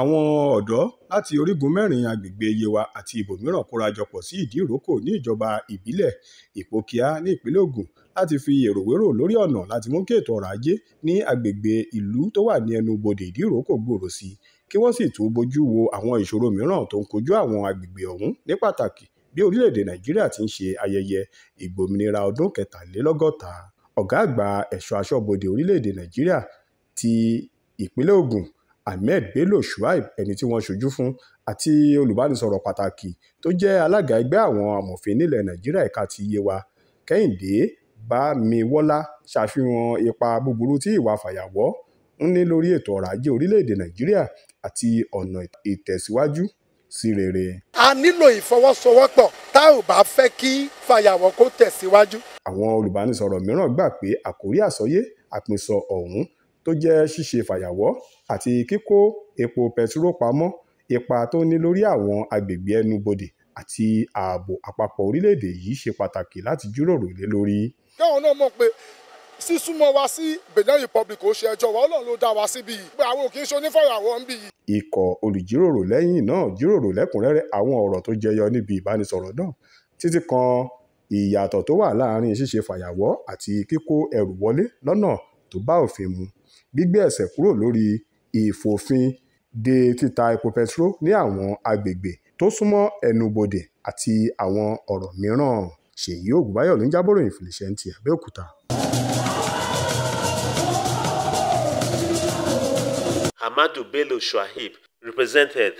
àwọn ọ̀dọ́ láti orígun mẹ́rin agbègbè yewa àti ibòmíràn kóra jọ pọ̀ sí ìdíròkọ níjọba ìbílẹ̀ ìpókíà nípínlẹ̀ Ògùn láti fi èrò wérò lórí ọ̀nà láti mú kí ètò ọrọ̀ ajé ní agbègbè ìlú tó wà ní ẹnubodè ìdíròkọ gbòòrò sí i kí wọ́n sì tún bójú wo àwọn ìṣòro mìíràn tó ń kojú àwọn agbègbè ọ̀hún ní pàtàkì bí orílẹ̀-èdè Nàìjíríà ti ń ṣe ayẹyẹ ìgbòmìnira ọdún kẹtàlélọ́gọ́ta ọ̀gá àgbà ẹ̀ṣọ́ aṣọ́bodè orílẹ̀-èdè Nàìjíríà ti ìpínlẹ̀ Ògùn ahmed bello shuaib ẹni tí wọ́n ṣojú fún àti olùbánisọ̀rọ̀ pàtàkì tó jẹ́ alága ẹgbẹ́ àwọn amòfin nílẹ̀ nàìjíríà ẹ̀ka ti yewa kẹ́hìndé bámiwọ́lá ṣàfihàn ipa búburú tí ìwà fàyàwọ́ ń ní lórí ètò ọrọ̀ ajé orílẹ̀-èdè nàìjíríà àti ọ̀nà ìtẹ̀síwájú sí rere. a nílò ìfọwọ́sowọ́pọ̀ tá ò bá fẹ́ kí fàyàwọ́ kó tẹ̀síwájú. àwọn olùbánisọ̀rọ̀ mìíràn gbà pé àkórí àsọyé àpèsọ ọ̀hún tó jẹ́ ṣíṣe fàyàwọ́ àti kíkó epo bẹtiró pamọ́ ipa tó ní lórí àwọn agbègbè ẹnubodè àti ààbò àpapọ̀ orílẹ̀-èdè yìí ṣe pàtàkì láti jíròrò lé lórí. káwọn náà mọ̀ pé sísúnmọ́ wa sí Benin Republic ó ṣe ẹjọ́ wa ọlọ́run ló dá wa síbi yìí pé àwọn ò kì ń bì yìí. ikọ̀ olùjíròrò lẹ́yìn náà jíròrò lẹ́kùnrẹ́rẹ́ àwọn ọ̀rọ̀ tó jẹyọ níbi ìbánisọ̀rọ̀ náà títí kan ìyàtọ̀ tó wà láàárín ṣíṣe fàyàwọ́ àti kíkó ẹrù wọlé lọ́nà tó bá òfin mu gbígbé ẹ̀sẹ̀ kúrò lórí ìfòfin de títa epo bẹtiró ní àwọn agbègbè tó súnmọ́ ẹnubodè àti àwọn ọ̀rọ̀ mìíràn ṣèyí ògùnbáyọ̀ ló ń jábọ̀ròyìn fìlẹ̀ṣẹ́ ti àbẹ́òkúta. Amadu Bello Shuaib represented